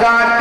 God.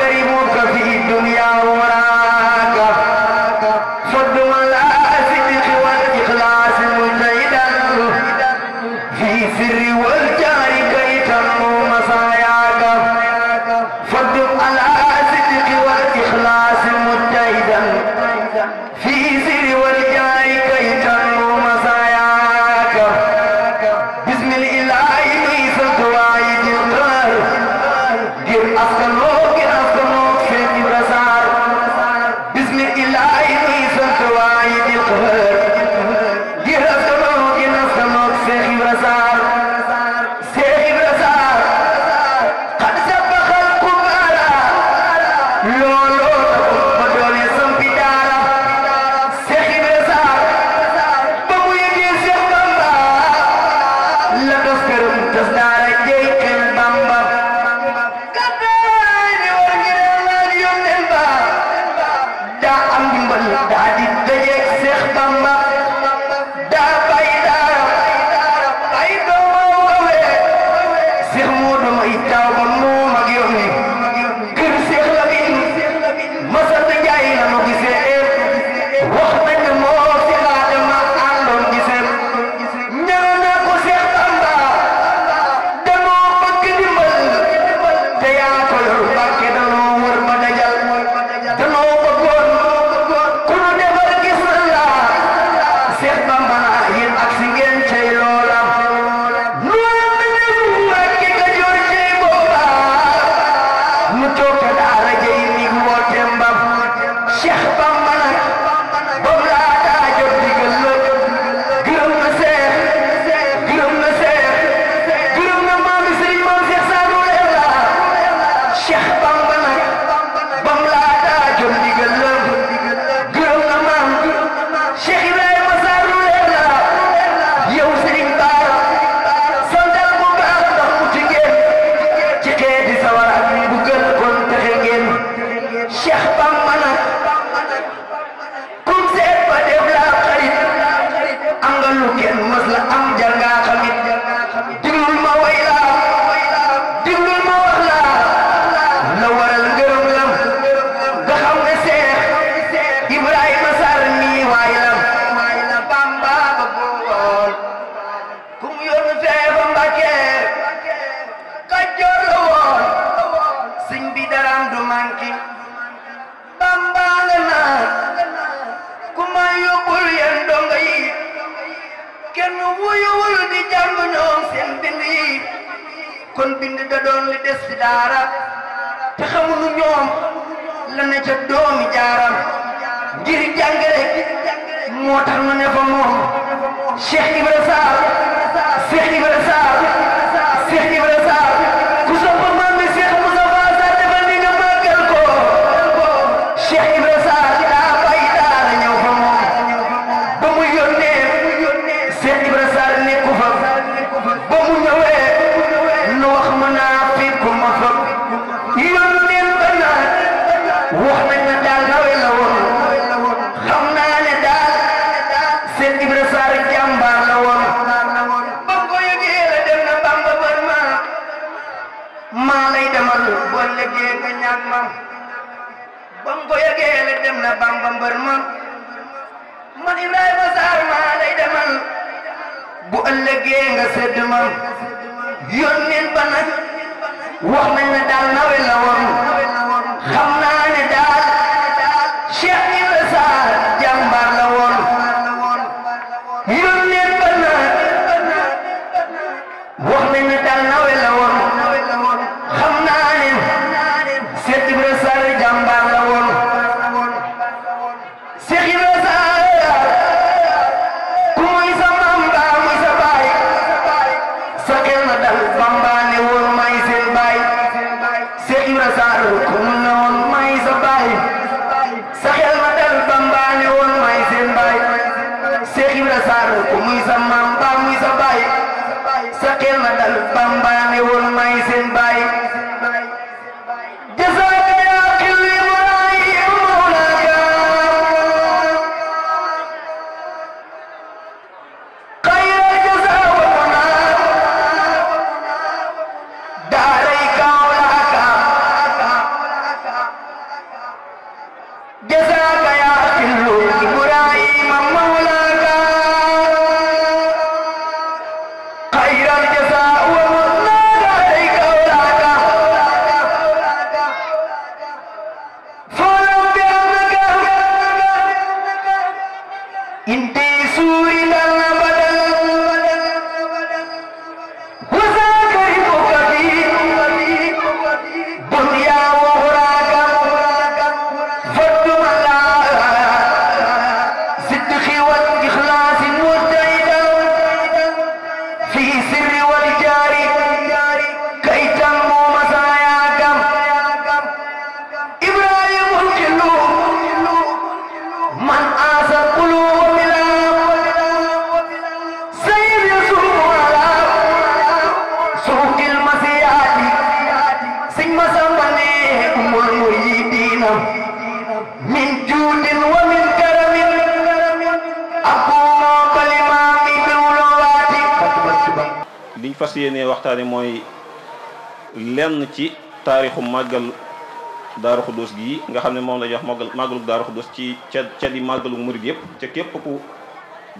nga xam ne moom la ñuy wax màggal màggalug Daaru Xudus ci ca ca li màggalug murid yëpp te képp ku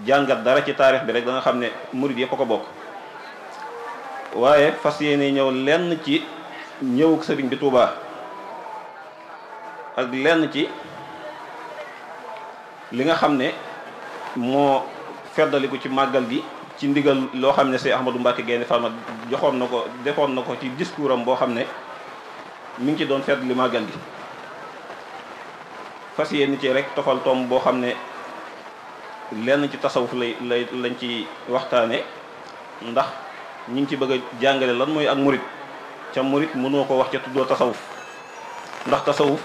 jàngat dara ci taarix bi rek danga xam ne murid yëpp ko bokk waaye fas yéene ñëw lenn ci ñëwug sëriñ bi Tuubaa ak lenn ci li nga xam ne moo feddaliku ci màggal gi ci ndigal loo xam ne si Ahmadou Mbacke Gaynde Fatma joxoon na ko defoon na ko ci discours am boo xam ne mu ngi ci doon feddali màggal gi fas yéen ci rek tofal tomb boo xam ne lenn ci tasawuf lay lay lañ ci waxtaane ndax ñu ngi ci bëgg a jàngale lan mooy ak murit ca murit mënoo ko wax ca tuddoo tasawuf ndax tasawuf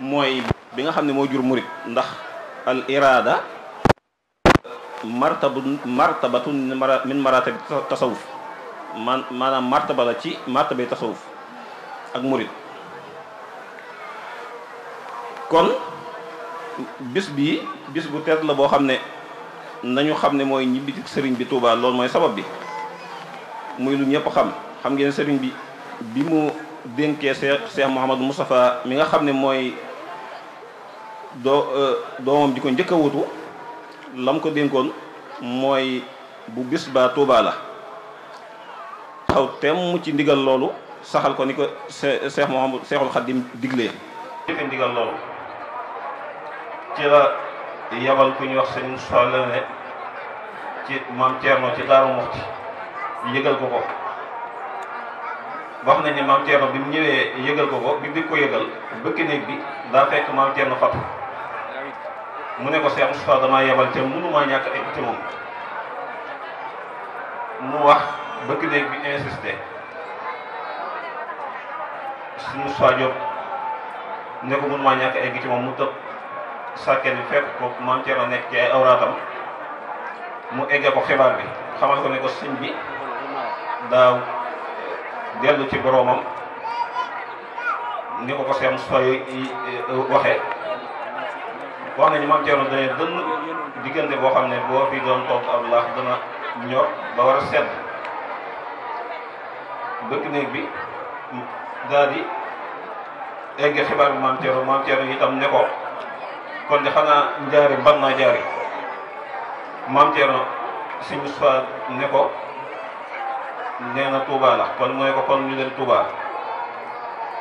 mooy bi nga xam ne moo jur murit ndax al iraada martabu martabatu min maratabi tasawuf man maanaam martaba la ci martabay tasawuf ak murit kon bis bi bis bu tedd la boo xam ne nañu xam ne mooy ñibbi sëriñ bi Touba loolu mooy sabab bi muy lu ñëpp xam xam ngeen sëriñ bi bi mu dénkee Cheikh Cheikh Mouhamadou Moustapha mi nga xam ne mooy doo euh, doomam ji ko njëkk a wutu lam ko dénkoon mooy bu bis ba Touba la xaw mu ci ndigal loolu saxal ko ni ko Cheikh Mouhamadou Cheikhul Khadim diglee jëfe ndigal loolu ci la yabal ku ñuy wax sëñ Moustapha Lone ci maam Thierno ci Daaru Muxti yëgal ko ko wax nañ ne maam Thierno bi mu ñëwee yëgal ko ko bi mu ko yëgal bëkk néeg bi daa fekk maam Thierno fatu mu ne ko Cheikh Moustapha damaa yebal te mënumaa ñàkk ay ci moom mu wax bëkk néeg bi insisté si Moustapha Diop ne ko maa ñàkk egg ci moom mu tëb sàkkeen bi fekk ko maam Thierno nekk ci ay awraatam mu egge ko xibaar bi xamal ko ne ko sëñ bi daaw dellu ci boroomam ni ko ko seen sooy waxee wax nañu maam Thierno dane dënn diggante boo xam ne boo fi doon toog Allah dana ñor ba war a sedd bëgg néeg bi daal di egge xibaar bi maam Thierno maam itam ne kon de xanaa njaari ban naa jaari maam Thierno si Moustapha ne ko nee na Touba la kon mu ne ko kon ñu leen Touba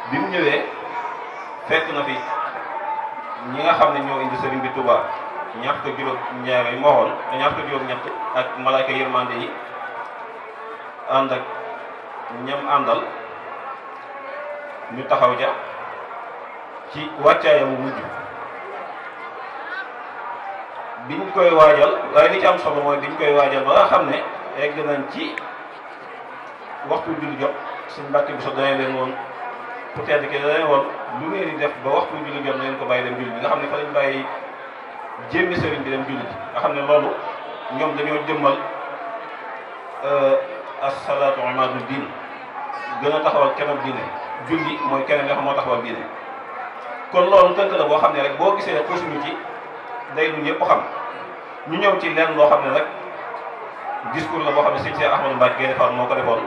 bi mu ñëwee fekk na fi ñi nga xam ne ñoo indi sëriñ bi Touba ñaar ko juróom ñaar yi moo xoon ñaar ko juróom ak ànd ak ñam àndal ñu taxaw ja ci wàccaayam wujj bi ñu koy waajal waaye li ci am solo mooy biñ koy waajal ba nga xam ne egg nañ ci waxtu julli jot su mbàkk bi sax dana leen woon peut-être que dana woon lu ngeen di def ba waxtu julli ko bàyyi dem julli bi nga xam ne fa lañ bàyyi jémmi bi dem julli bi xam ne ñoom dañoo jëmmal euh, asalaatu imaadu diin gën a taxawal keneen diine julli mooy keneen nga xam moo taxawal diine kon loolu tënk la boo xam ne rek boo gisee xusuñu ci day lu ñëpp xam ñu ñëw ci lenn loo xam ne nag discours la boo xam ne sëñ Cheikh Ahmadou Mbacke Gaïndé Fatma moo ko defoon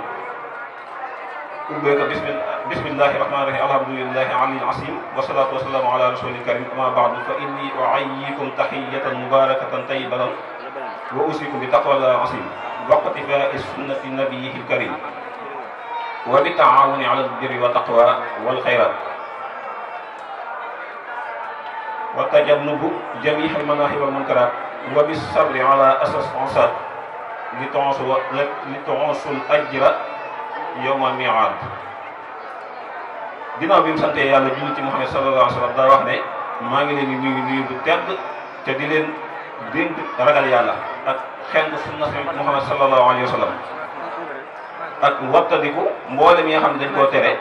ubbee ko bismi bismillahi rahmaani rahim alhamdulillahi alil asim wa wa wasalaamu ala rasulil karim amma baadu fa inni uayyikum tahiyatan mubarakatan tayyibatan wa usikum bi taqwallah asim waqtifaa sunnati nabiyihil karim wa bi taawuni ala albirri wa taqwa wal xayrat watajannubu jami'il manahi wal munkarat wa bisabri ala asas ansat li tu'asu li tu'asu al ajra yawma mi'ad dina bi sante yalla ya muhammad sallallahu alaihi wasallam da wax ne ma ngi leen ni nuyu bu tedd te di leen ragal yalla ak xeng sunna muhammad sallallahu alaihi wasallam ak waqtadiku mbole mi xam dañ ko téré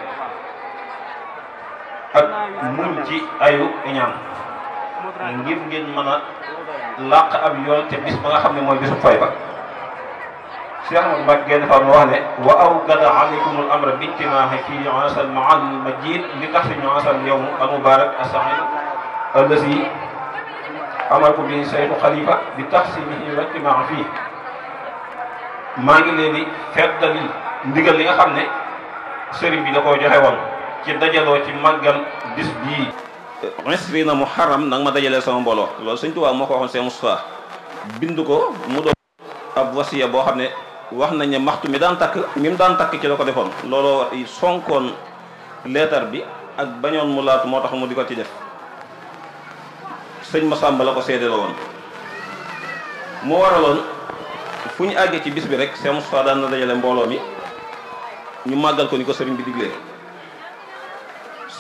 ak muñ ci ayu ñaan ngir ngeen mën a làq ab yoon te bis ba nga xam ne mooy bisu fay ba Cheikh Ahmad Mbacke genn fa mu wax ne wa awgada aleykumul amra bintimaahi fii ansal maal majid li tax fi ñu ansal yowmu al mubarak asahin allazi amar ko bi saytu xalifa bi taxsimihi wa ijtimaa fii maa ngi leen di feddali ndigal li nga xam ne sëriñ bi da koo joxe woon ci dajaloo ci màggal bis bii isri na mu muharram nanga ma dajalee sama mbooloo loolu sëñ Tuubaa moo ko waxoon Sëñ Mustafaa bind ko mu doon ab wasiya boo xam ne wax nañ ne maxtu mi daan takk mi mu daan takk ci la ko defoon looloo sonkoon leetar bi ak bañoon mu laatu moo tax mu di ko ci def sëñ Masamba la ko seede la woon mu waraloon fu ñu àggee ci bis bi rek Sëñ Mustafaa daan na dajale mbooloo mi ñu màggal ko ni ko sëriñ bi diglee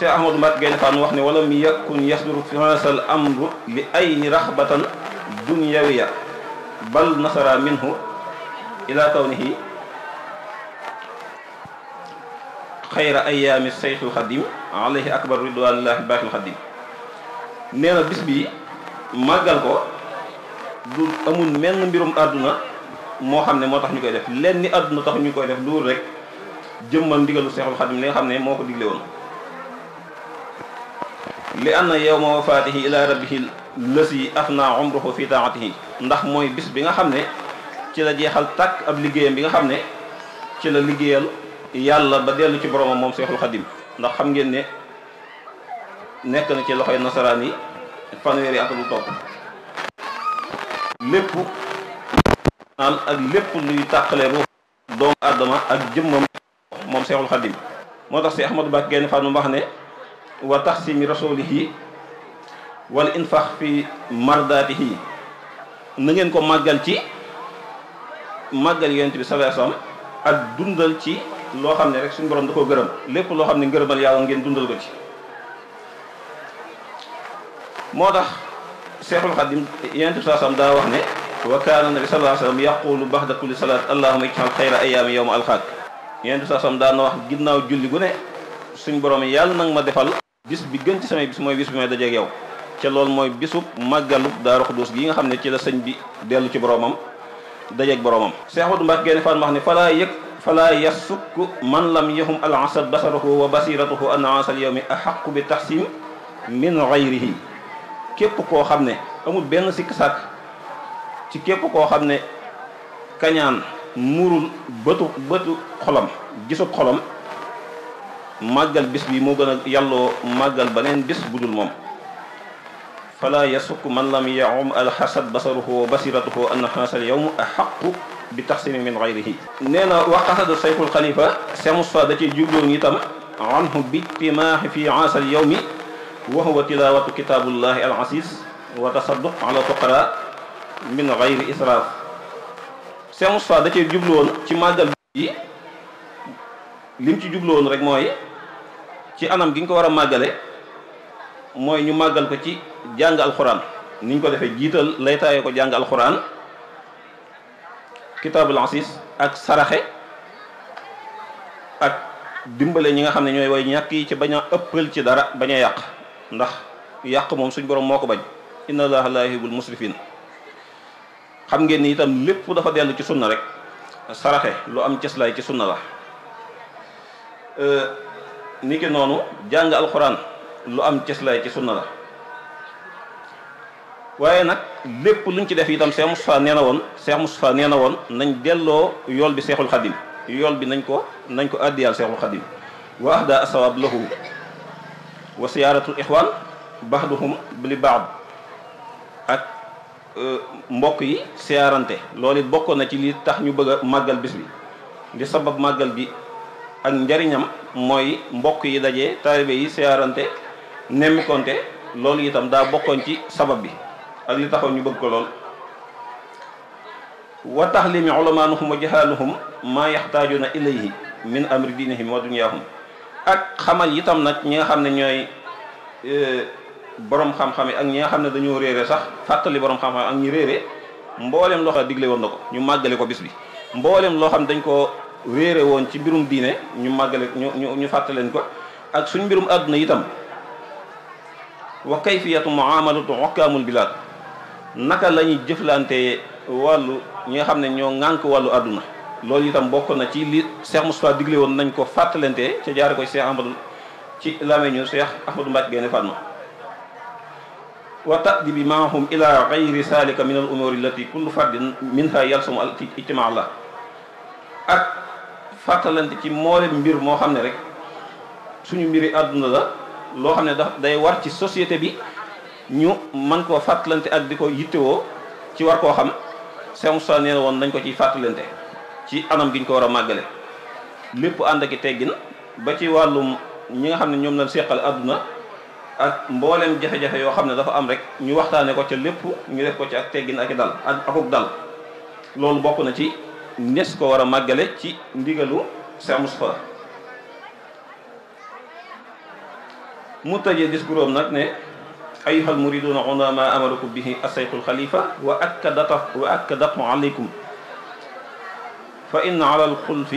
شيخ احمد مات غين فان واخني ولا ميكن يحضر في هذا الامر باي رغبه دنيويه بل نصر منه الى كونه خير ايام الشيخ الخديم عليه اكبر رضوان الله باك الخديم نينا بس بي ماغال كو دول امون مين ميروم ادنا مو خامني موتاخ نيكاي ديف لين ادنا تاخ نيكاي ديف دور رك جيمم ديغلو شيخ الخديم لي خامني موكو ديغلي وون li anna yawma wafaatihi ila rabbihi lasi afna fii fi taatihi ndax mooy bis bi nga xam ne ci la jeexal tàkk ab liggéeyam bi nga xam ne ci la liggéeyal yàlla ba dellu ci boromam moom seexul xadim ndax xam ngeen ne nekk na ci loxoy nasaraan yi fanweeri at lu topp ak lépp luy tàqale ruux doomu aadama ak moo tax si ahmadou bak genn fan mu wax ne wa taxsimi rasulihi wal infax fi mardatihi na ngeen ko màggal ci màggal yonent bi sallallahu alayhi ak dundal ci loo xam ne rek suñ borom da koo gërëm lépp loo xam ne ngërëmal yàlla ngeen dundal ko ci moo tax Seexul Xadim yonent bi sallallahu daa wax ne wa kaana nabi sallallahu alayhi wasallam yaqulu baxda kulli salaat allahuma ij'al xayra ayaami yowma alxaak yonent bi sallallahu alayhi wasallam daa na wax ginnaaw julli gu ne suñ borom yàlla nag ma defal bis bi gën ci samay bis mooy bis bi may dajeeg yow ca loolu mooy bisu màggalu daaru xudus gi nga xam ne ci la sëñ bi dellu ci boromam dajeeg boromam Seex Abdu Mbàkke génn fan wax ne falaa yëg falaa yasukku man lam yahum alasat basaruhu wa basiratuhu an asal yawmi ahaqu bi tahsim min gayrihi képp koo xam ne amul benn sikk sàkk ci képp koo xam ne kañaan muurul bëtu bëtu xolam gisub xolam magal bis bi mo gëna yallo magal banen bis budul mom fala yasukk man lam yaum al hasad basaruhu wa basiratuhu anna xaasal yawm ahq bi tahsin min ghayrihi neena wa xasada sayxul xalifa semus fa da ci ni tam anhu bi bijtimaaxi fi aasal yawm wa huwa tilawatu kitaabullahi al aziz wa tasadduq ala fuqara min ghayr israf semus fa da ci jubloon ci magal bi lim ci jublo won rek moy ci anam gi ko wara nyu moy ñu magal ko ci jang alquran niñ ko defé jital lay tayé ko jàng alxuraan kitaabul asis ak saraxé ak dimbalé ñi nga xamné ñoy way ñak yi ci baña a ëppal ci dara baña yaq ndax yaq mom suñu borom moko bañ inna allaha la yuhibbul musrifin xam ngeen ni itam lepp dafa dellu ci sunna rek saraxé lu am cëslaay ci sunna la euh, نيكي ki noonu jàng alxuraan lu am cëslaay ci sunna la waaye nag lépp luñ ci def itam Cheikh Moustapha nee na woon Cheikh Moustapha nee na woon nañ delloo yool bi Cheikhul Khadim yool bi nañ ko nañ ko àddiyaal Cheikhul Khadim wa ahda asawab lahu wa siyaaratul ixwaan baxduhum bili baad ak mbokk yi siyaarante loolu it na ci li tax ñu bëgg a bis bi li sabab màggal bi ak njariñam moy mbokk yi daje talibé yi séaranté siyaarante nemmikonte loolu itam da bokkon ci sabab bi ak li taxaw ñu bëgg ko lool wa taxlimi ulamaanuhum wa jahaluhum ma yahtajuna ilayhi min amri dinihim wa dunyahum ak xamal itam nak ñi nga xamné ñoy ñooy borom xam-xam ak ñi nga xamné dañu réré sax fatali borom xam-xam ak ñi réré mbolem loo xam digle won nako ñu màggale ko bis bi mbolem lo xam dañ ko wéere woon ci mbirum diine ñu màggale ñu ñu ñu fàttaleen ko ak suñ mbirum àdduna itam wa kayfiyatu muamalatu hukkaamul bilaad naka lañuy ñuy jëflante wàllu ñi nga xam ne ñoo ŋànk wàllu àdduna loolu itam bokk na ci li Cheikh Moustapha digle woon nañ ko fàttalante ca jaare ko Cheikh Ahmadou ci lame ñu Cheikh Ahmadou Mbacke Gaynde Fatma wa ta'dibi maahum ila gayri salika min al umuri allati kullu fardin minha yalsumu al ijtimaa la ak fàttalante ci mboolem mbir moo xam ne rek suñu mbiri àdduna la loo xam ne daf day war ci société bi ñu man koo fàttalante ak di ko yittewoo ci war koo xam Cheikh Moussa nee woon nañ ko ciy fàttalante ci anam gi ñu ko war a màggale lépp ànd ak teggin ba ci wàllum ñi nga xam ne ñoom lañ seqal àdduna ak mboolem jafe-jafe yoo xam ne dafa am rek ñu waxtaane ko ca lépp ñu def ko ci ak teggin ak i dal ak akuk dal loolu bokk na ci نسكو ورا مغالي تي ديغلو سامس فور متجي ديسغروم نك ني ايها المريدون عندما امركم به السيد الخليفه واكدت واكدت عليكم فان على الخلف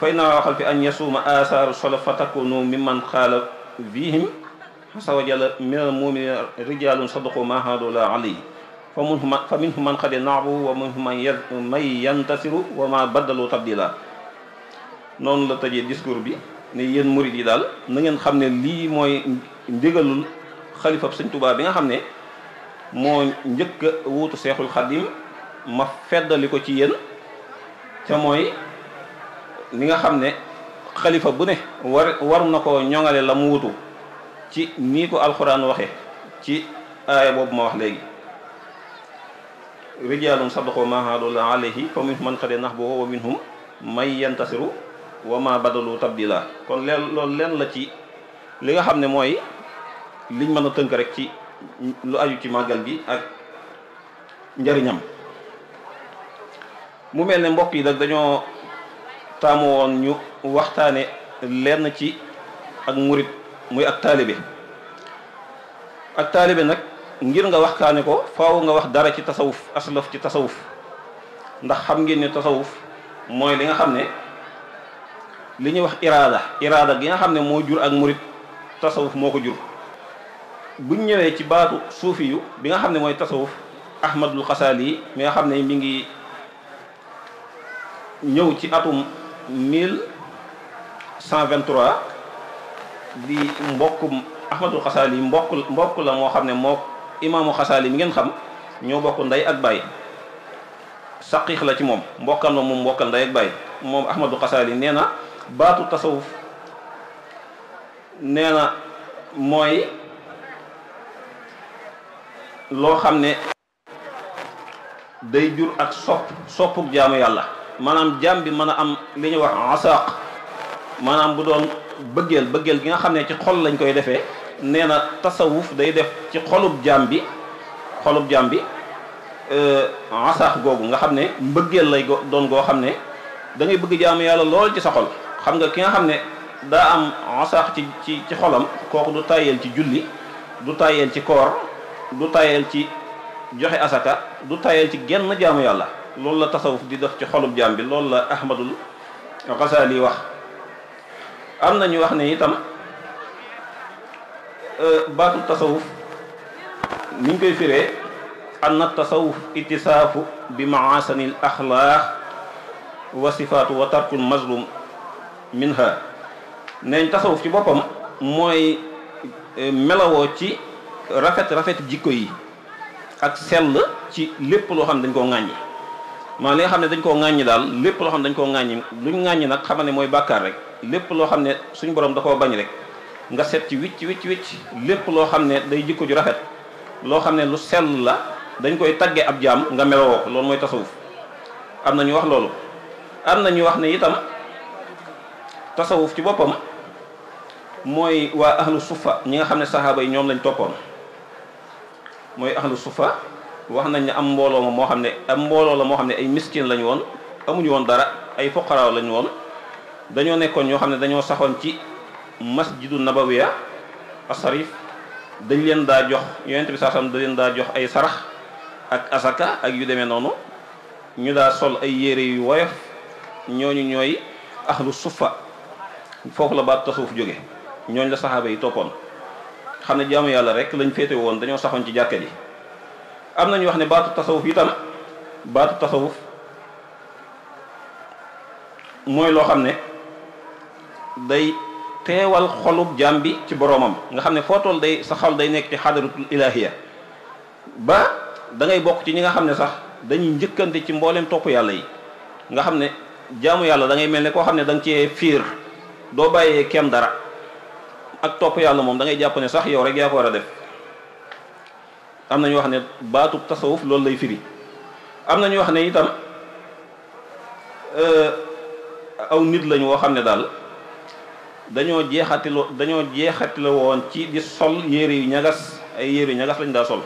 فان على الخلف ان يصوم اثار الصلف فتكون ممن خالف فيهم فسوى جل من المؤمنين رجال صدقوا ما هذا عليه fa minhum man fa minhum man xadi naabu wa minhum man may yantasiru wa ma baddalu tabdila noonu la tëjee discours bi ne yéen murid yi daal na ngeen xam ne lii mooy ndigalul xalifa sëñ bi nga xam ne moo njëkk a seexul xadim ma feddali ko ci yéen ca mooy li nga xam ne xalifa bu ne war waru na ko ñoŋale la mu wutu ci nii ko alxuraan waxe ci aaya boobu ma wax léegi rijaalun sadaqu maa haadullah alayhi fa minhum man xade nahbahu wa minhum may yantasiru wa ma badalu tabdila kon leen loolu leen la ci li nga xam ne mooy liñ mën a tënk rek ci lu aju ci màggal bi ak njariñam mu mel ne mbokk yi nag dañoo taamu woon ñu waxtaane lenn ci ak murit muy ak taalibe ak taalibe nag ngir nga waxtaane ko faaw nga wax dara ci tasawuf aslaf ci tasawuf ndax xam ngeen ni tasawuf mooy li nga xam ne li ñuy wax iraada iraada gi nga xam ne moo jur ak murit tasawuf moo ko jur buñ ñëwee ci baatu suufi yu bi nga xam ne mooy tasawuf ahmadul xasaali yi mi nga xam ne mi ngi ñëw ci atum 1123 di mbokkum ahmadul xasaali yi mbokk mbokk la moo xam ne moo imaamu xasaali mi ngeen xam ñoo bokk ndey ak baay saqiix la ci moom mbokkal ma moom mbokkal ndey ak baay moom ahmadu xasaali nee na baatu tasawuf nee na mooy loo xam ne day jur ak sopp soppuk jaamu yàlla maanaam jaam bi mën a am li ñuy wax asaq maanaam bu doon bëggeel bëggeel gi nga xam ne ci xol lañ koy defee nee na tasawuf day def ci xolub jaam bi xolub jaam bi euh, asaax googu nga xam ne mbëggeel lay doon goo xam ne da bëgg jaamu yàlla lool ci sa xol xam nga ki nga xam ne daa am asaax ci ci ci xolam kooku du tàyyeel ci julli du tàyyeel ci koor du tàyyeel ci joxe asaka du tàyyeel ci genn jaamu yàlla loolu la tasawuf di def ci xolub jaam bi loolu la ahmadul xasaali wax am na ñu wax ne itam Euh, baatu tasawuf ni ñu koy firee anna tasawuf itisaafu bi maasani l axlaaq wa sifaatu wa tarkul mazlum minha neñ tasawuf ci boppam mooy euh, melawoo ci rafet rafet jikko yi ak sell ci lépp loo xam ne dañ koo ŋàññi maanaam li xam ne dañ koo ŋàññi daal lépp loo xam ne dañ koo ŋàññi luñ ŋàññi nag xam ne mooy bàkkaar rek lépp loo xam ne suñ borom da koo bañ rek nga set ci wicc wicc wicc lépp loo xam ne day jikko ju rafet loo xam ne lu sell la dañ koy tagge ab jaam nga melowoo ko loolu mooy tasawuf am na ñu wax loolu am na ñu wax ne itam tasawuf ci boppam mooy waa ahlu sufa ñi nga xam ne saxaaba yi ñoom lañu toppoon mooy ahlu sufa wax nañ ne am mbooloo ma moo xam ne am mbooloo la moo xam ne ay miskin lañu woon amuñu woon dara ay foqaraaw lañu woon dañoo nekkoon ñoo xam ne dañoo saxoon ci masjidu nabawiya asarif dañ leen daa jox yonent bi saasam da leen daa jox ay sarax ak asaka ak yu deme noonu ñu daa sol ay yére yu woyof ñooñu ñooy ahlu suffa foofu la baat tasawuf jóge ñooñ la saxaaba yi toppoon xam ne jaamu yàlla rek lañ féete woon dañoo saxoon ci jàkka ji am nañu wax ne baatu tasawuf itam baatu tasawuf mooy loo xam ne day teewal xolub jaam bi ci boroomam nga xam ne foo toll day sa xol day nekk ci xadaratul ilahiya ba dangay bokk ci ñi nga xam ne sax dañuy njëkkante ci mbooleem topp yàlla yi nga xam ne jaamu yàlla da ngay mel ne koo xam ne da cee fiir doo bàyyee kem dara ak topp yàlla moom da ngay jàpp ne sax yow rek yaa ko war a def am na ñu wax ne baatub tasawuf loolu lay firi am na ñu wax ne itam euh, aw nit lañu woo xam ne daal dañoo jeexati dañoo jeexati la woon ci di sol yére yu ñagas ay yére yu ñagas lañ daa sol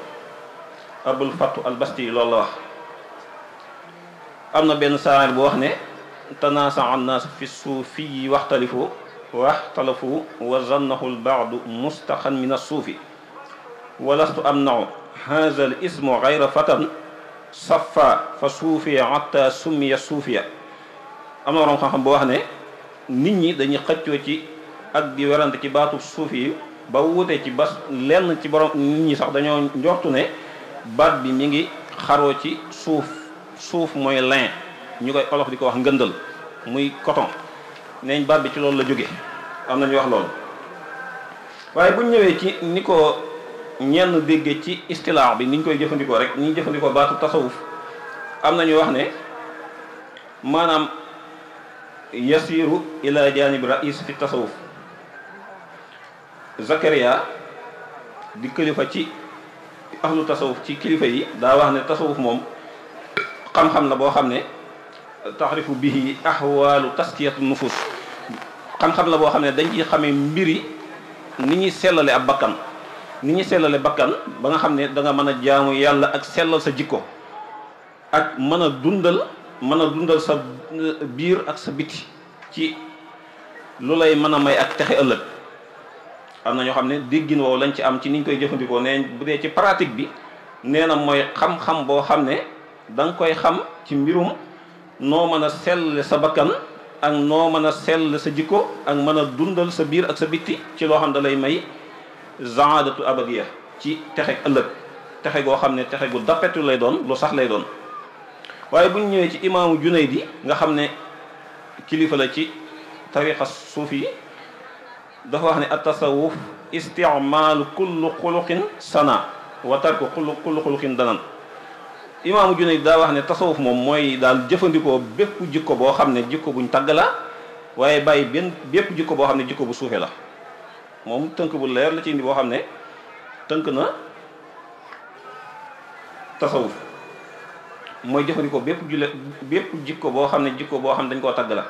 abul fatu albasti yi loolu la wax am na benn saar bu wax ne tanaasa annaas fi suufi yi waxtalifu waxtalafu wa zannahu lbaadu mustaqan min assuufi walastu amnau haza al ismu gayra fatan safa fa suufiya hatta summiya suufiya am na waroom xam-xam bu wax ne nit ñi dañuy xëccoo ci ak di werante ci baatu suuf yi ba wuute ci ba lenn ci borom nit ñi sax dañoo njortu ne baat bi ñu ngi xaroo ci suuf suuf mooy lin ñu koy olof di ko wax ngëndal muy coton neeñ baat bi ci loolu la jóge am na ñu wax loolu waaye buñ ñëwee ci ni ko ñenn déggee ci istilaax bi ni ñu koy jëfandikoo rek ni ñu jëfandikoo baatu tasawuf am na ñu wax ne maanaam yasiru ila janib rais fi tasawuf Zakaria di kilifa ci ahlu tasawuf ci kilifa yi daa wax ne tasawuf moom xam-xam la boo xam ne taxrifu bihi ahwaalu taskiyatu nufus xam-xam la boo xam ne dañ ci xamee mbiri ni ñuy sellale ab bakkan ni ñuy sellale bakkan ba nga xam ne danga mën a jaamu yàlla ak sellal sa jikko ak mën a dundal mën a dundal sa euh, biir ak sa biti ci lu lay mën a may ak texe ëllëg am na ñoo xam ne déggin woowu lañ ci am ci niñ koy jëfandikoo nee bu dee ci pratique bi nee na mooy xam-xam boo xam ne danga koy xam ci mbirum noo mën a sell sa bakkan ak noo mën a sell sa jikko ak mën a dundal sa biir ak sa bitti ci loo xam dalay may may zaadatu abadiya ci texe ëllëg texe goo xam ne texe gu dappetu lay doon lu sax lay doon waye buñ ñëwé ci imam Junaydi nga xamné kilifa la ci tariqa sufi dafa wax ni at tasawuf isti'mal kull khuluqin sana wa tarku kull kullu xuluqin danan imam Junaydi da wax ni tasawuf mom moy dal jëfëndiko bépp jikko bo xamné jikko buñ tàgg la waaye bàyyi bépp jikko bo xamné jikko bu sufi la mom tënk bu leer la ci indi bo xamné tënk na tasawuf mooy jëfandikoo bépp jule bépp jikko boo xam ne jikko boo xam ne dañ koo tagg la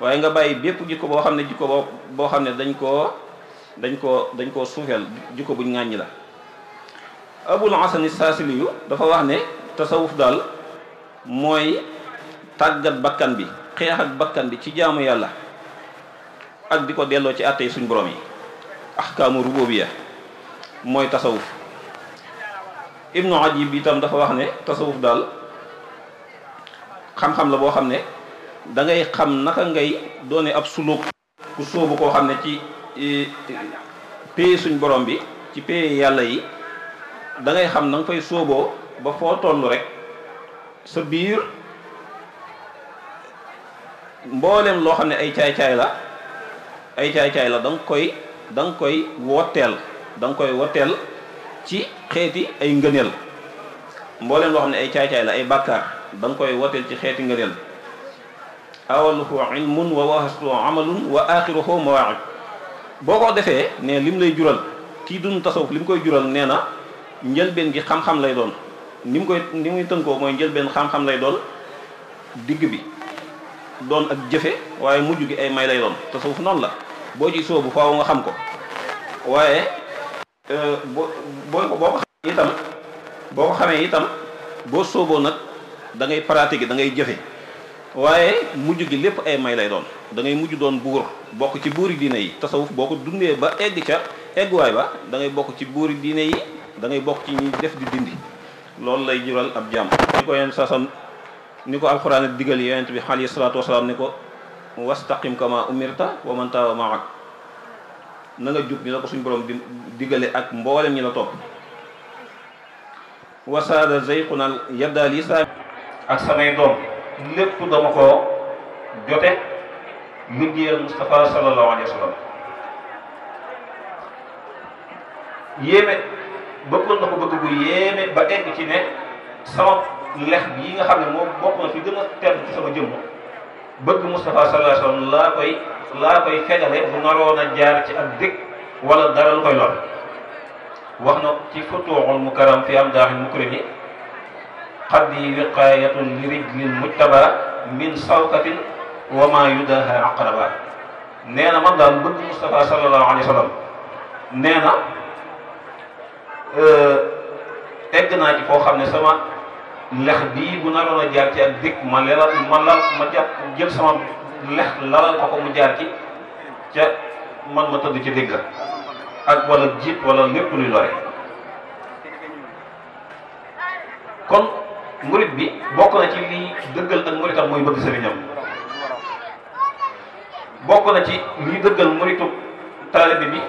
waaye nga bàyyi bépp jikko boo xam ne jikko boo boo xam ne dañ koo dañ koo dañ koo suufeel jikko buñ ŋàññi la abul hasani saasili yu dafa wax ne tasawuf daal mooy tàggat bakkan bi xeex ak bakkan bi ci jaamu yàlla ak di ko delloo ci àtte yi suñ borom yi ahkaamu rububiya mooy tasawuf ibnu ajib itam dafa wax ne tasawuf daal xam-xam la boo xam ne da ngay xam naka ngay doone ab suluk ku sóobu koo xam ne ci eh, pay suñ borom bi ci pay yàlla yi da ngay xam nanga nga fay sóoboo ba foo toll rek sa biir mboolem loo xam ne ay caay-caay la ay caay la da koy danga koy woteel danga koy woteel ci xeeti ay ngëneel mboolem loo xam ne ay caay-caay la ay bàkkaar da koy wooteel ci xeeti ngëneel awaluhu ilmun wa waxatuhu amalun wa axiruhu mawaaqib boo ko defee ne lim lay jural kii dund tasawuf li koy jural nee na njëlbeen gi xam-xam lay doon ni mu koy ni muy tënkoo mooy njëlbeen xam-xam lay doon digg bi doon ak jëfe waaye mujj gi ay may lay doon tasawuf noonu la boo ci soobu faaw nga xam ko waaye euh, boo boo ko boo ko xamee itam boo ko xamee itam boo sooboo nag da ngay pratique da ngay jëfé waaye muju gi lepp ay may lay doon da ngay muju doon buur bok ci buuri diiné yi tasawuf boko dundé ba egg ca way ba da ngay bok ci buuri diiné yi da ngay bok ci ñi def di dindi lool lay jural ab jàmm niko yeen sasam niko alcorane digal yeen tabi khali salatu wasalaam niko wastaqim kama umirta wa man taaba maak na nga juk ni la ko suñu borom digalé ak mbolam ñi la wasa wasada zayquna yaddaal isaami ak samay doom lépp dama koo jote liggéeyal Moustapha sallallahu alayhi wa sallam yéeme bëggoon na ko bëgg bu yéeme ba egg ci ne sama lex yi nga xam ne moom bokk na fi gën a tedd ci sama jëmm bëgg Moustapha sallallahu alayhi laa koy laa koy fegale bu naroon a jaar ci ak dëkk wala dara lu koy lor wax na ci fotoxul mu fi am daaxi mu kuréel xaddi wiqaayatun li rijlin mujtaba min sawkatin wa ma yudaha aqraba nee na man daal bëgg Moustapha sallallahu alayhi wa sallam nee na tegg euh, naa ci foo xam ne sama lex bii bu naroon a jaar ci ak dikk ma lelal ma lal ma jàpp jël sama lex lalal ko ko mu jaar ci ca man ma tëdd ci dégg ak wala jiit wala lépp luy lore kon murit bi bokk na ci li dëggal ak muritam mooy bëgg sëriñam bokk na ci li dëggal muritu taalibe bi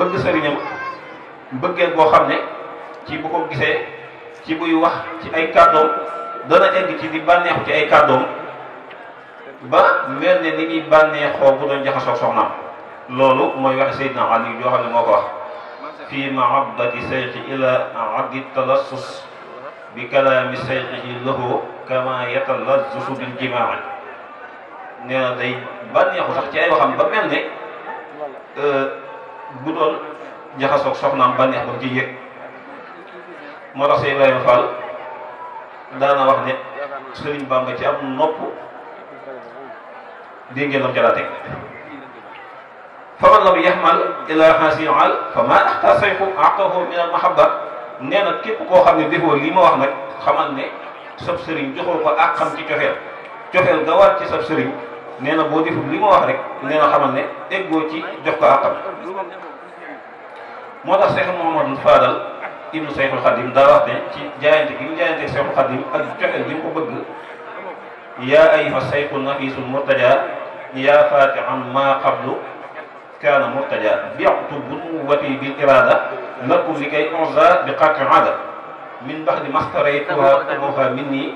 bëgg sëriñam bëggee boo xam ne ci bu ko gisee ci buy wax ci ay kàddoom dana egg ci di bànneexu ci ay kàddoom ba mel ne ni muy bànneexoo bu doon jaxasoo soxnaam loolu mooy wax naa Ali yoo xam ne moo ko wax fii mahabbati seyxi ila abdi talassus bi kalaami sayxihi lahu kama yatallazuzu bil jimaa nee na day bànneexu ci ay waxam ba mel ne euh, bu doon jaxasoog daana wax ne Sëriñ Bàmba ci am nopp dégg ngeen doon jalaatee fa man lam yaxmal ila xaasial fa ma axta min al mahabba nee na képp koo xam ne defoo lii ma wax nag xamal ne sab sëriñ joxoo ko ak xam ci cofeel cofeel nga war ci sab sëriñ nee na boo deful li ma wax rek nee na xamal ne eggoo ci jox ko ak xam moo tax Cheikh Mouhamadou Fadal ibnu Cheikhul Khadim daa wax ne ci jaayante gi mu jaayante Cheikhul Khadim ak cofeel gi mu ko bëgg yaa ayyuha Cheikhul nafisul murtaja yaa fatihan ma qablu kaana murtaja bi'tu bunuwati bil irada مركز كي أنزا بقاك عادة من بعد ما اختريتها أمها مني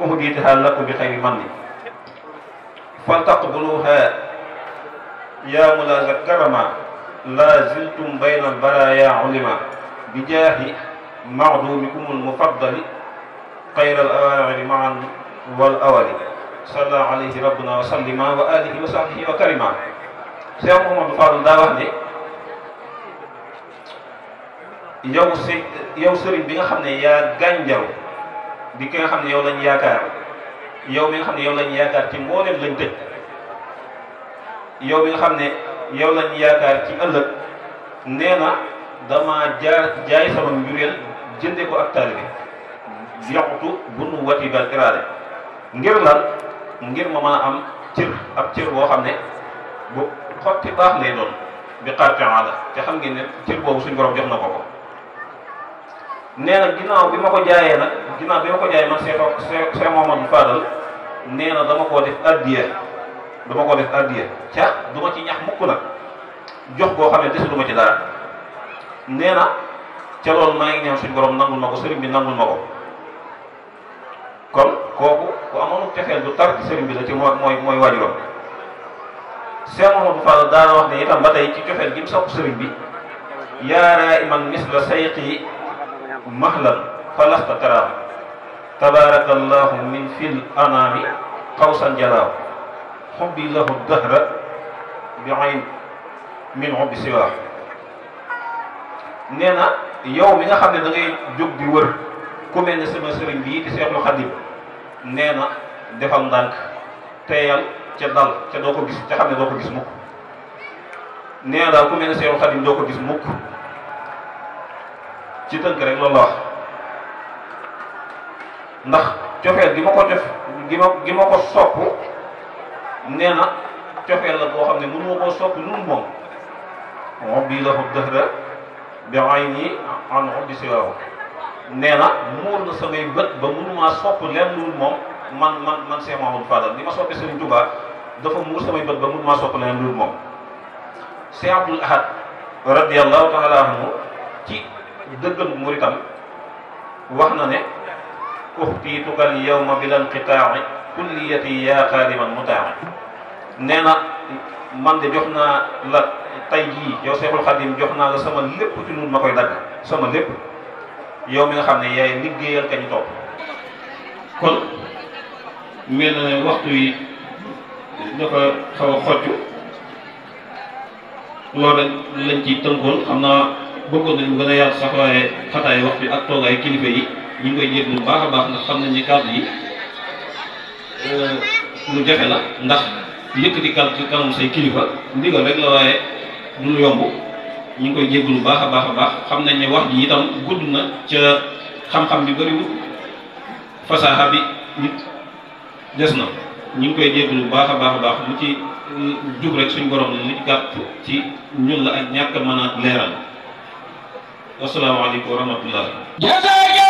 أهديتها لكم بخير مني فلتقبلوها يا ملا زكرما لا زلتم بين البرايا علما بجاه معدومكم المفضل خير الأوائل معا والأول صلى عليه ربنا وسلم وآله وصحبه وكرما سيقوم محمد دعوة yow si yow sëriñ bi nga xam ne yaa gànjaw di ki nga xam ne yow lañ yaakaar yow mi nga xam ne yow lañ yaakaar ci mbooleem lañ tëj yow xam ne yow lañ yaakaar ci ëllëg nee na dama jaar jaay sama njureel jënde ko ak taalibe bi yoqutu wati bal iraade ngir lan ngir ma mën a am cër ab cër boo xam ne bu xotti baax lay doon bi xaar coono te xam ngeen ne cër boobu suñ borom jox na ko ko. nee na ginnaaw bi ma ko jaayee nag ginnaaw bi ma ko jaayee man see see see Momadou Fadal nee na dama koo def addiya dama koo def addiya ca du ci ñax mukk nag jox boo xam ne desu du ma ci dara nee na ca loolu maa ngi ñaan suñu borom nangul ma ko sëriñ bi nangul ma ko kon kooku ku amoon texeel du tar ci sëriñ bi la ci mooy mooy waajuram Seex Mamadu Fall daana wax ne itam ba tey ci cofeel gi mu sopp sëriñ bi yaaraa iman misla sayqi mahlan falasta taraahu tabarakallahu min fil anaami xawsan jalaahu xubbi lahu dahra bi ayn min xubbi siwaahu nee na yow mi nga xam ne da ngay jóg di wër ku mel ne sama sëriñ bii di Seexul Xadim nee na defal ndànk teeyal ca dal ca doo ko gis ca xam ne doo ko gis mukk nee na daal ku mel ne Seexul Xadim doo ko gis mukk ci teunk rek loolu la wax ndax cofeel gi mako def gi mako gi mako sopp nee na cofeel la boo xam ne mënu ma koo mom mo bi la lahu dehra bi ayni an rabbi siwaahu nee na na samay bët ba ma sopp lenn lu mom man man man sey Mahamadou Fadal li ma soppe Serigne Touba dafa muur samay bët ba ma sopp lenn lu mom sey abdul Ahad radiyallahu taala anhu ci dëggal muritam wax na ne uxtiituka al yawma bil inqitaa'i kulliyati yaa xaadiman mutaa'i nee na man de jox naa la tey jii yow Seexul Xadim jox naa la sama lépp ci nun ma koy dagg sama lépp yow mi nga xam ne yaay liggéeyal kañu topp kon mel na ne waxtu yi dafa xaw a xocc loolu lañ ci xam naa bëggoon nañu gën a yaatu sa waaye xataay wax bi ak toogaay kilifa yi ñu ngi koy jégg bu baax a baax ndax xam nañ ni kàddu yi lu la ndax yëkkati kilifa ndigal rek du lu ñu ngi koy jégg lu baax a baax a baax xam nañ ne wax ji itam gudd na ca xam-xam bi bëriwul fasaaxa bi nit des na ñu ngi koy jégg lu baax a baax a baax lu ci euh, jub rek suñ borom la nit gàtt ci ñun la ak ñàkk mën a leeral wasalaamaaleykum wa rahmatullah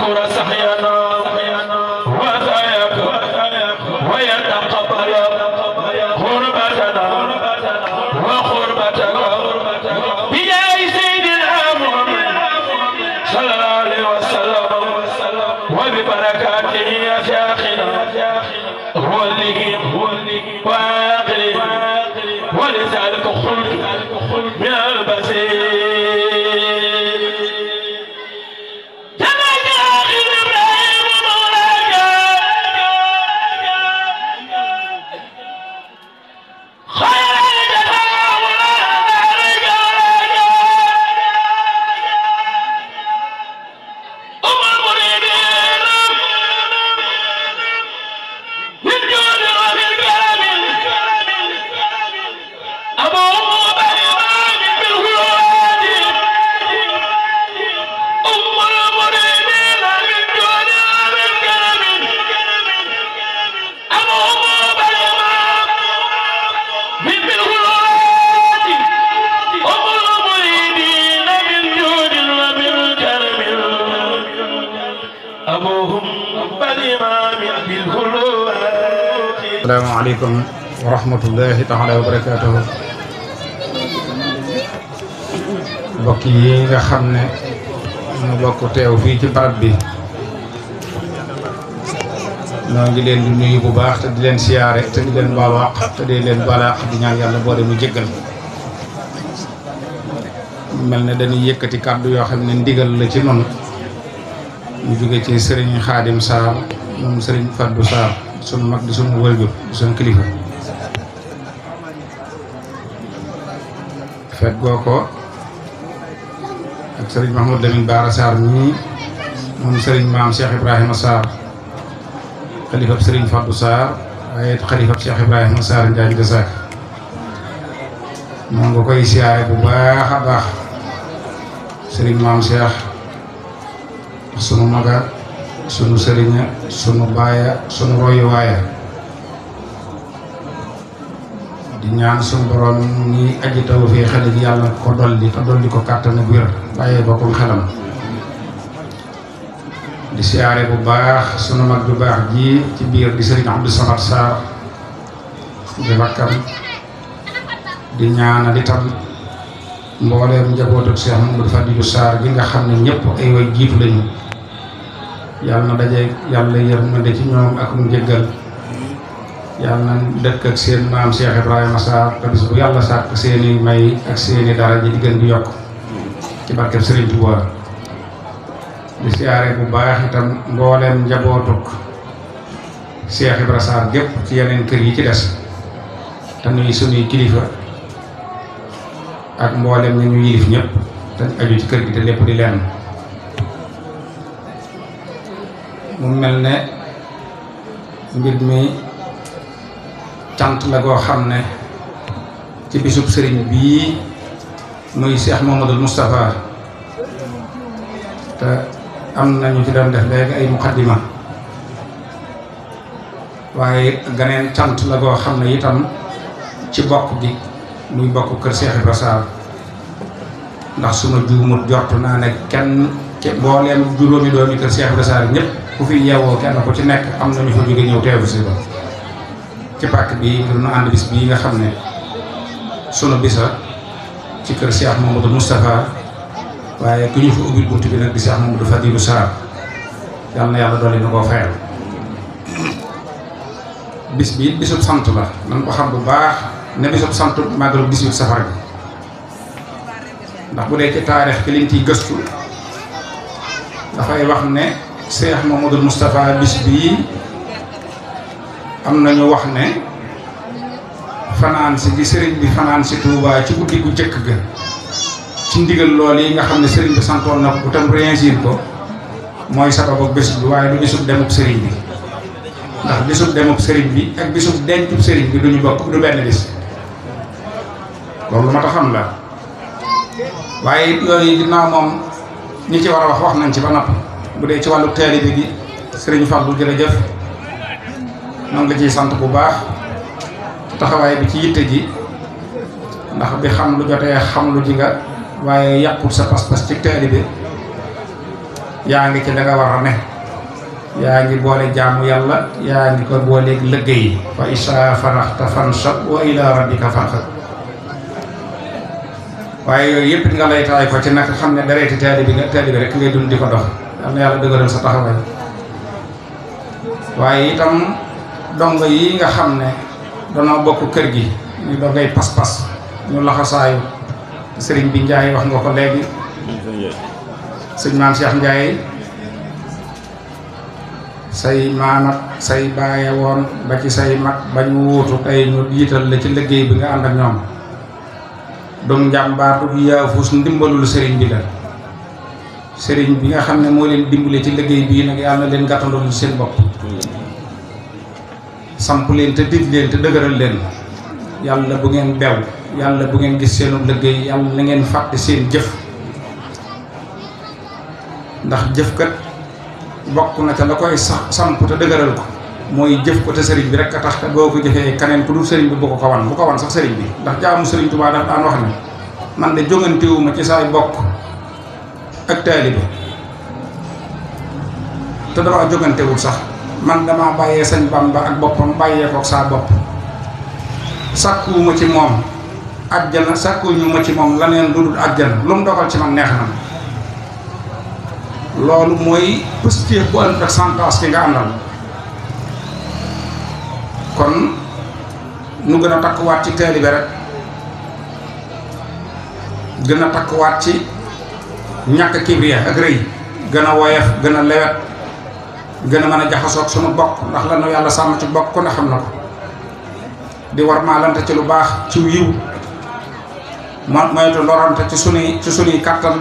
थोड़ा सा हया ना taala wa barakatuh mbokk yi nga xam ne ñu bokk teew fii ci barab bi ñoo ngi leen di nuyu bu baax te di leen siyaare te di leen baawaaq te di leen balaax di ñaan yàlla boo demu jéggal mel ne dañuy sunu mag di sunu wëlbur sunu kilifa feggoo ko ak sëriñ Mahmoud Lamine Baara Sarr mii moom sëriñ maam Cheikh Ibrahima Sarr xalifab sëriñ Fadou Sarr waaye xalifab Cheikh Ibrahima Sarr Njaañ de Sarr nga koy siyaare bu baax a baax sëriñ maam Cheikh sunu maga sunu sëriña sunu baaya sunu royuwaaya di ñaan sun borom ni aji taw xalif yalla ji yàlla ko dolli te dolli ko katan ak wir baye boppam xalam di siare bu baax sunu mag du baax ji ci biir di serigne Abdou Samad sar di rakkam di ñaanal itam mbooleem njabootu Cheikh Mamadou Fadilou sar gi nga xamne ñepp ay way jitu lañu yalla na daje yalla yermande ci ñoom ak mu jéggal yang dek ke sini nam si akhir raya masa tapi sebagai Allah saat ke sini mai ke sini darah jadi gendiok kita ke sini dua di si hari kubah kita boleh menjabotok si akhir berasa gap kian yang kiri cerdas dan isu ini kiri ke aku boleh menyuyif nyep dan ayu cikir kita lihat di lem mumelne Bidmi cant la goo xam ne ci bisub sëriñ bii muy Cheikh Mouhamadoul Moustapha te am ñu ci doon def léegi ay muqaddima waaye ganeen cant la goo xam ne itam ci bokk gi muy bokk kër Cheikh Ibrahima Sall ndax suma juumut jot naa ne kenn boo mbooleem juróomi doomi kër Cheikh Ibrahima Sall ñëpp ku fi yeewoo kenn ku ci nekk am nañu fa jóge ñëw teewu si ba ci pàkk bi ngir nu ànd bis bii nga xam ne sunu bisa ci kër Cheikh Mamadou Moustapha waaye ku ñu fa ubbil bunt bi nag di Cheikh Mamadou Fadilou Sarr yal na yàlla dolli na koo fayal bis bi bisu sant la nan ko xam bu baax ne bisub sant màggalu 18 safar bi ndax bu dee ci taarix ki liñ ciy gëstu dafay wax ne Cheikh Mamadou Moustapha bis bii am na ñu wax ne fanaan si gi sëriñ bi fanaan si Touba ci guddi bu jëkk ga ci ndigal loolu yi nga xam ne sëriñ bi santoon na bu tam réussir ko mooy sababu bés bi waaye du bisub demuk bi ndax bisub demuk sëriñ bi ak bisub dencub sëriñ duñu bokk du benn bis loolu lu ma xam la waaye it yooyu ginnaaw moom ñi ci war a wax wax nañ ci ba noppi bu dee ci wàllu taalibe gi sëriñ Fallou jërëjëf ñoo ngi la ciy sant bu baax taxawaay bi ci yitte ji ndax bi xam lu jotee xam lu ji waaye yàqul sa pas-pas ci taalibe yaa ngi ci da nga war a ne yaa ngi boole jaamu yàlla yaa ngi ko booleeg liggéey fa isaa faraxta fansab wa ilaa rabbika fanxab waaye yooyu yëpp nga lay taay ko ci nag xam ne dareeti taalibe nga rek ngay dund di ko dox yal na yàlla dëgëral sa taxawaay waaye itam dongo yi nga xam ne danoo bokk kër gi ñu dongay pas-pas ñu laxasaayu sëriñ bi njaay wax nga ko léegi sëñ maam Cheikh Ndiaye say maam say baaye woon ba ci say mag ba ñu wuutu tey ñu jiital la ci liggéey bi nga ànd ak ñoom dum njàmbaatu yaafus ndimbalul sëriñ bi la sëriñ bi nga xam ne moo leen dimbale ci liggéey bii nag yàlla na leen gàttandul seen bopp samp leen te dig leen te dëgëral leen yàlla bu ngeen bew yalla bu ngeen gis seenu liggéey yalla na ngeen fatte seen jëf ndax jëf kat bokku na te la koy samp te dëgëral ko moy jëf ko te sëriñ bi rek ka tax ka boo ko kanen ku dul sëriñ bi bu ko ko wan bu ko wan sax sëriñ bi ndax jaamu sëriñ Tuubaa daf daan wax ni man de ma ci say bokk ak taalibe te damaa wu sax man dama sen sañ bamba ak boppam bàyyee kook saa bopp saku ci moom àjjana sàkkuñu ma ci mom lanen dudul aljana àjjana lu mu dogal ci man neex na lolu moy bu ak ki nga andal kon nu gëna a takkuwaat ci taalibe rek gëna a takkuwaat ci ñak kibriya ak rëy gëna gëna lewet gën a mën a jaxasoog sunu bokk ndax lan nu yàlla sàmm ci bokk ku ne xam na ko di war maalante ci lu baax ci yiw moytu lorante ci sunuy ci sunuy kàttan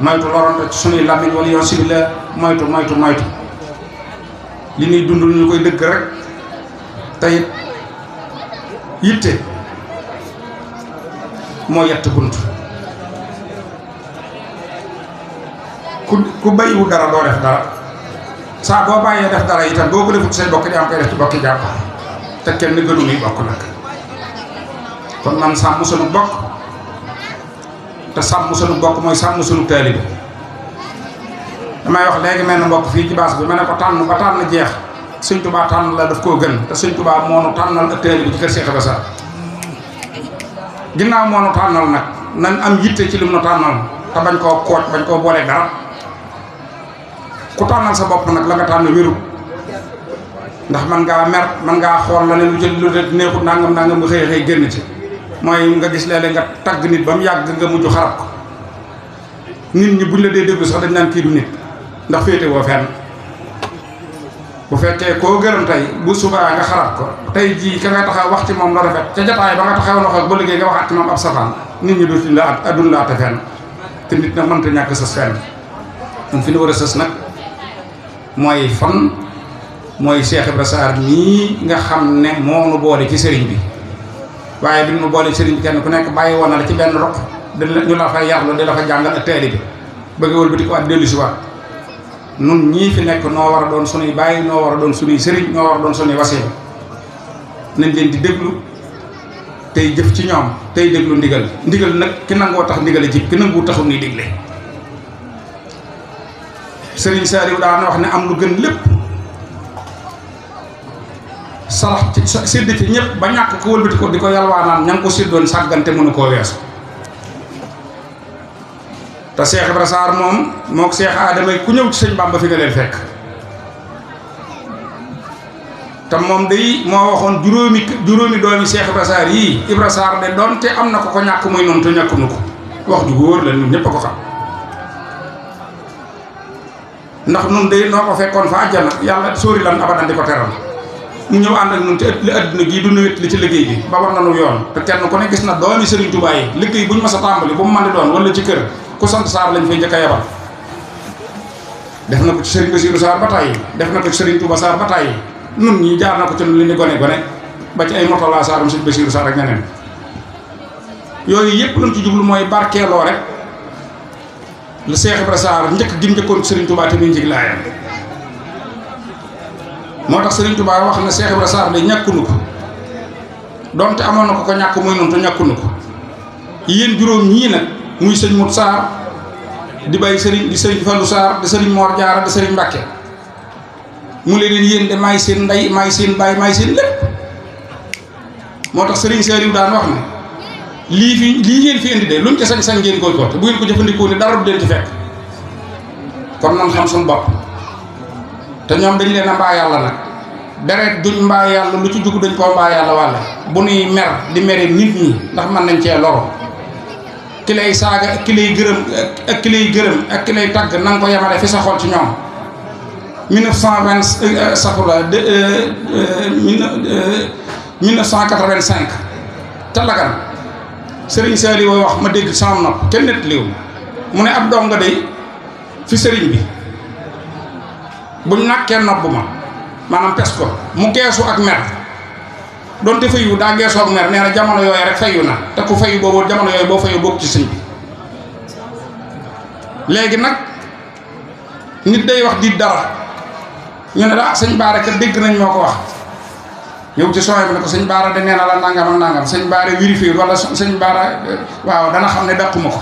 moytu lorante ci sunuy làmmiñ wala yoon sibi la moytu moytu moytu li ñuy dund ñu koy dëgg rek tey yitte moo yett bunt ku ku bayiwu dara doo def dara saa boo bàyyee def dara itam boo ko deful say bokk di am koy def ci bokki jàpp te kenn gënu muy bokk nag kon man sàmm sunu bokk te sàmm sunu bokk mooy sàmm sunu taalibe damay wax léegi mel na mbokk fii ci baas bi ma ne ko tànn ba tànn jeex sëñ tubaa tànn la daf koo gën te sëñ tubaa moonu tànnal ak taalibe ci kër Cheikh Ibra Sarr ginnaaw moonu tànnal nag nan am yitte ci lim nu tànnal te bañ koo kooj bañ koo boole dara ku tànnal sa bop nak la nga tan wiru ndax man nga mer man nga xol la ne lu jël lu de neexut nangam nangam xey xey genn ci moy nga gis lele nga tag nit bam yag nga mujj xarab ko nit ñi buñ la dé déglu sax dañ nan ki du nit ndax fété wo fenn bu fekkee ko gërëm tay bu suba nga xarab ko tay ji ka nga taxaw wax ci mom la rafet ca jotaay ba nga taxaw wax ak bu liggé nga waxaat ci moom ab safan nit ñi ci la at addun la fenn te nit man ta ñak sa fenn fi ñu war a sës mooy fan mooy Cheikh Ibra Sarr ñii nga xam ne moo nu boole ci sëriñ bi waaye bi nu boole sëriñ bi kenn ku nekk bàyyi woon na la ci benn roq dina ñu la fa yarlu di dafa jàngal ak teeli bi bëgg wëlbati ko at dellu si waat nun ñii fi nekk noo war a doon sunuy bàyyi noo war a doon sunuy sëriñ noo war a doon sunuy wasiila nañ leen di déglu tey jëf ci ñoom tey déglu ndigal ndigal nag ki nangoo tax ndigal a jib ki nangu taxul nuy dégle sëriñ Saaliw udah wax ne am lu gën lepp salah ci sédd ci ñepp ba ñak ko wolbi ko diko ko yalwaanaan ña ko séddoon sagante mënu ko wess ta Cheikh Ibra mom mok juru Cheikh adamay ku ñew ci serigne Bamba fi nga fekk ta mom day mo waxon juroomi juroomi doomi Cheikh Ibra yi yii de donte am ko ko ñak muy non te ñak nuko wax ju la ñepp ko xam ndax nun day noo ko fekkoon fa àjjana yàlla sóori lan abadan di ko teral mu ñëw ànd ak ñun ci li adduna gii li ci liggéey gi ba war nañu yoon te kenn ku ne gis na doomi Serigne Touba yi liggéey bu ñu mas a tàmbali bu mu mën di doon wala ci kër ku sant Sarr lañ fay njëkk a yebal def na ko ci ba Bassirou Sarr ba tàyyi def na ko ci Serigne Touba Sarr ba tàyyi nun ñi jaar na ko ci li ni gone gone ba ci ay Mourtala Sarr Serigne Bassirou Sarr ak ñeneen yooyu yëpp luñ ci jublu mooy barkeeloo rek lu Cheikh Ibra Sarr njëkk gi njëkkoon Serigne Touba muy njëg laayam moo tax sëriñ Touba wax na Cheikh Ibra Sarr de ñàkkunu amoon na ko ko ñàkk muy noonu te ñàkkunu ko yéen juróom ñii nag muy sëñ Mut Sarr di bàyyi Serigne di Serigne Fallou Sarr di Serigne Mor Diarra di Serigne Mbacke mu leen yéen de maay seen ndey maay seen baay maay seen lépp moo tax Serigne Saliou daan wax ne. lii fi lii ngeen fi indi de luñ ci sañ sañ ngeen koy porté bu ngeen ko jëfandikoo ne dara du leen ci fekk kon nan xam suñu bopp te ñoom dañ leen a mbaa yàlla nag duñ mbaa yàlla lu ci jug dañ koo mbaa yàlla wàlle bu nuy mer di mere nit ñi ndax mën nañ cee loro ki lay saaga ak ki lay gërëm ak ki lay gërëm ak ki lay tàgg na ko yemale fi sa xol ci ñoom 1920 safula 1985 te sëriñ Saali wooy wax ma dégg sama nopp kenn nett liw mu ne ab donga day fi sëriñ bi buñ nàkkee nopp ma maanaam pes ko mu geesu ak mer donte fayu daa geesu ak mer nee na jamono yooyu rek fayu na te ku fayu boobu jamono yooyu boo fayu bokk ci sëñ léegi nag nit day wax di dara ñu ne daa ah, sëñ baarakat dégg nañ moo ko wax yow ci sooy bi ne ko seigne bara de nee la nangam ak nangam seigne bara vérifié wala seigne bara waaw dana xam ne dàquma ko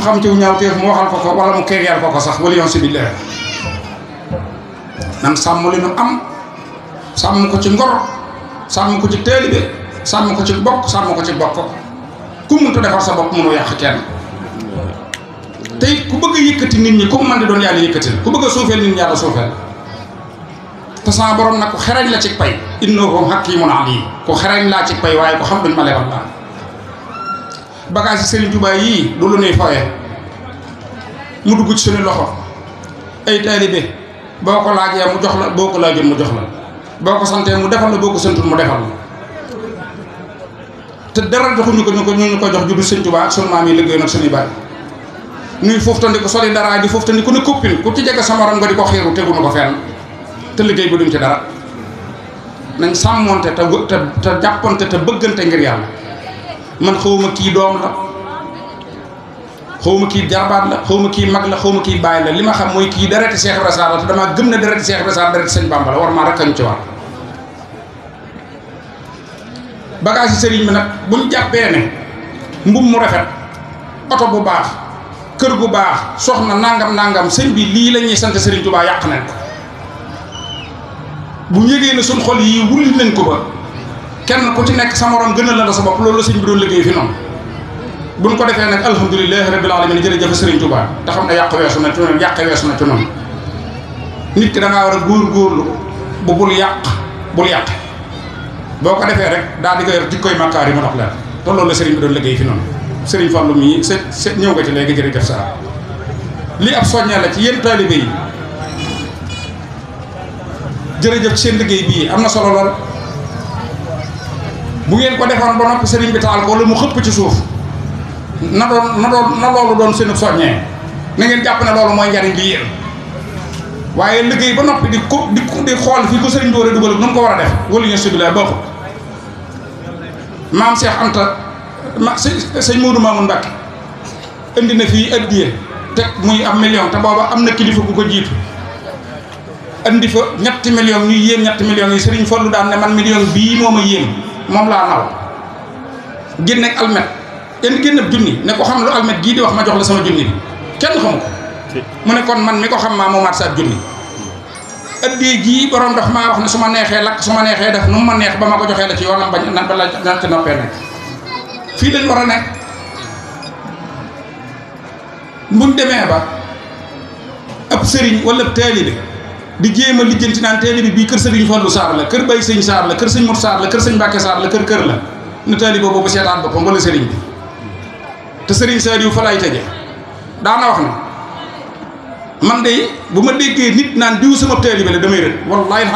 xam ci ñaaw téef mu waxal ko ko wala mu keegeel ko ko sax wali yon sibillah nam nan li nu am sàmm ko ci ngor sàmm ko ci taalibe sàmm ko ci bok sàmm ko ci bok ku mu tu defar sa bok mu mënoo yak kenn tay ku bëgg yëkëti nit ñi ku mu mën di doon yalla yëkëti ku bëgg soofel nit ñi yalla soofel te boroom nag ku xereñ la ci pay innahu hakiimun aliim ku xereñ laa ci pay waaye ko xam duñ ma lebal laa bagage yi Serigne Touba yii du lu nuy fawee mu dugg ci suñu loxo ay taalibe boo ko laajee mu jox la boo ko laajoon mu jox la boo ko santee mu defal la boo ko santul mu defal la te dara joxuñu ko ñu ko ñu ko jox juddu Serigne Touba ak sunu maam yi liggéey nag suñuy baay nuy foofu tandi ko soli dara di foofu tandi ku ne ku ci ko xiiru te liggéey ba duñ ci dara nañ sàmmoonte te te te jàppante te bëggante ngir yàlla man xawma kii doom la xawma kii jarbaat la xawma kii mag la xawma kii bàyyi la li ma xam mooy kii dara Cheikh Ibra Sarr la te damaa gëm na dereti Cheikh Ibra Sarr dereti Sëñ Bamba la war maa rek añ ci war bagage sëriñ bi nag buñ jàppee ne mbub mu rafet oto bu baax kër gu baax soxna nangam nangam sëñ bii lii la ñuy sant Sëriñ Tuubaa yàq nañ ko bu yëgee na suñ xol yi wulli nañ ko ba kenn ku ci nekk sama ron gënal la la sa bopp loolu la sëñ bi doon liggéey fi noonu buñ ko defee nag alhamdulilahi rabil alamin jërëjëf sëriñ Tuubaa te xam ne yàq weesu na ci noonu yàq weesu na ci nit ki da ngaa war a góor-góorlu bu yàq bul yàq boo ko defee rek daal di ko yor jikkoy makkaar yi mu dox leer te loolu la sëriñ fi noonu sëriñ Fallu mii se ñëw nga ci léegi jërëjëf sa li ab soññee la ci yéen taalibe yi jërëjëf seen liggéey bii am na solo lool bu ngeen ko defoon ba noppi sëriñ bi taal ko wala mu xëpp ci suuf na doon na doon na loolu doon seen soññee na ngeen jàpp ne loolu mooy njariñ bi yéen waaye liggéey ba noppi di ko di xool fii ko sëriñ bi war a dugal nu ko war a def wala ñu sibila bokk maam Cheikh Anta ma sëñ Modou Mamoun indi na fii addiye teg muy am million te booba am na kilifa bu ko jiitu indi fa ñetti millions ñuy yéem ñetti millions yi Serigne Fallou daan ne man million bii moo ma yéem moom laa naw génne almet indi génn ab junni ne ko xam lu almet gii di wax ma jox la sama junni bi kenn xamu ko mu ne kon man mi ko xam maa sa ab junni addee jii borom daf maa wax ne su ma neexee lakk su ma neexee def nu mu ma neex ba ma ko joxee la ci yoonam bañ nan ba la nan ci noppee nekk fii lañ war a nekk buñ demee ba ab sëriñ wala ab taalibe di jéem a lijjanti naan taalibe bi bii kër sëriñ Fallu Saar la kër Bay Sëñ Saar la kër sëñ Mut Saar la kër sëñ Mbàkke Saar la kër kër la na taalibe boobu seetaan boppam wala sëriñ bi te sëriñ Saaliw fa laay tëje daana wax na man de bu ma déggee nit naan diw sama taalibe la damay rëdd wallaahi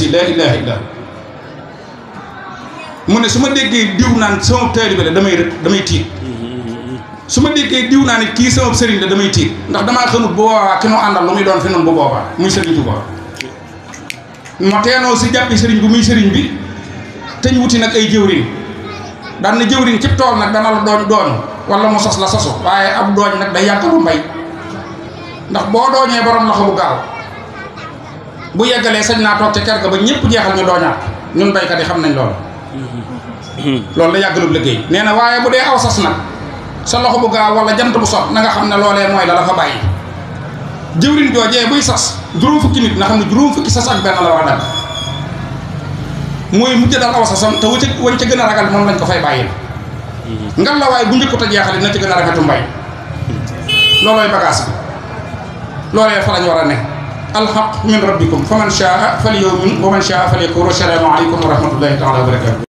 si laa ilaaha mu ne su ma déggee diw naan sama taalibe la damay rëdd damay tiit suma nekké diw na ni ki sama serigne la damay tiit ndax dama xamut bo wa kino andal lu muy doon fi non bo boba muy sëriñ Tuubaa ma téno ci jappi serigne bu muy serigne bi tañ wuti nak ay jëwriñ dal na jëwriñ ci tol nak dama la doon doon wala mo sos la sosu waye ab doñ nak day yàgg bu mbay ndax bo dooñee borom la xamu gal bu yeggalee sañ na tok ci kër ga ba ñepp jéxal ñu doñat ñun ka di xam nañ lool loolu da mm-hmm. yàggalub liggéey néna waye bu dé aw sas nak sa loxo bu gaaw wala jant bu sot na nga xam ne loolee mooy la la fa bàyyi jëwriñ joojee buy sas juróom fukki nit na xam ne juróom fukki sas ak benn la war a dal mooy mujj daal aw sasam te waca wañ ci gën a ragal moom lañ ko fay bàyyi ngal la waaye bu njëkku ta jeexale na ci gën a rafetu mbay loolooy bagage bi loolee fa lañ war a ne alxaq min rabbikum fa man shaa fal yawmin wa man shaa fal yakfur assalaamu aleykum wa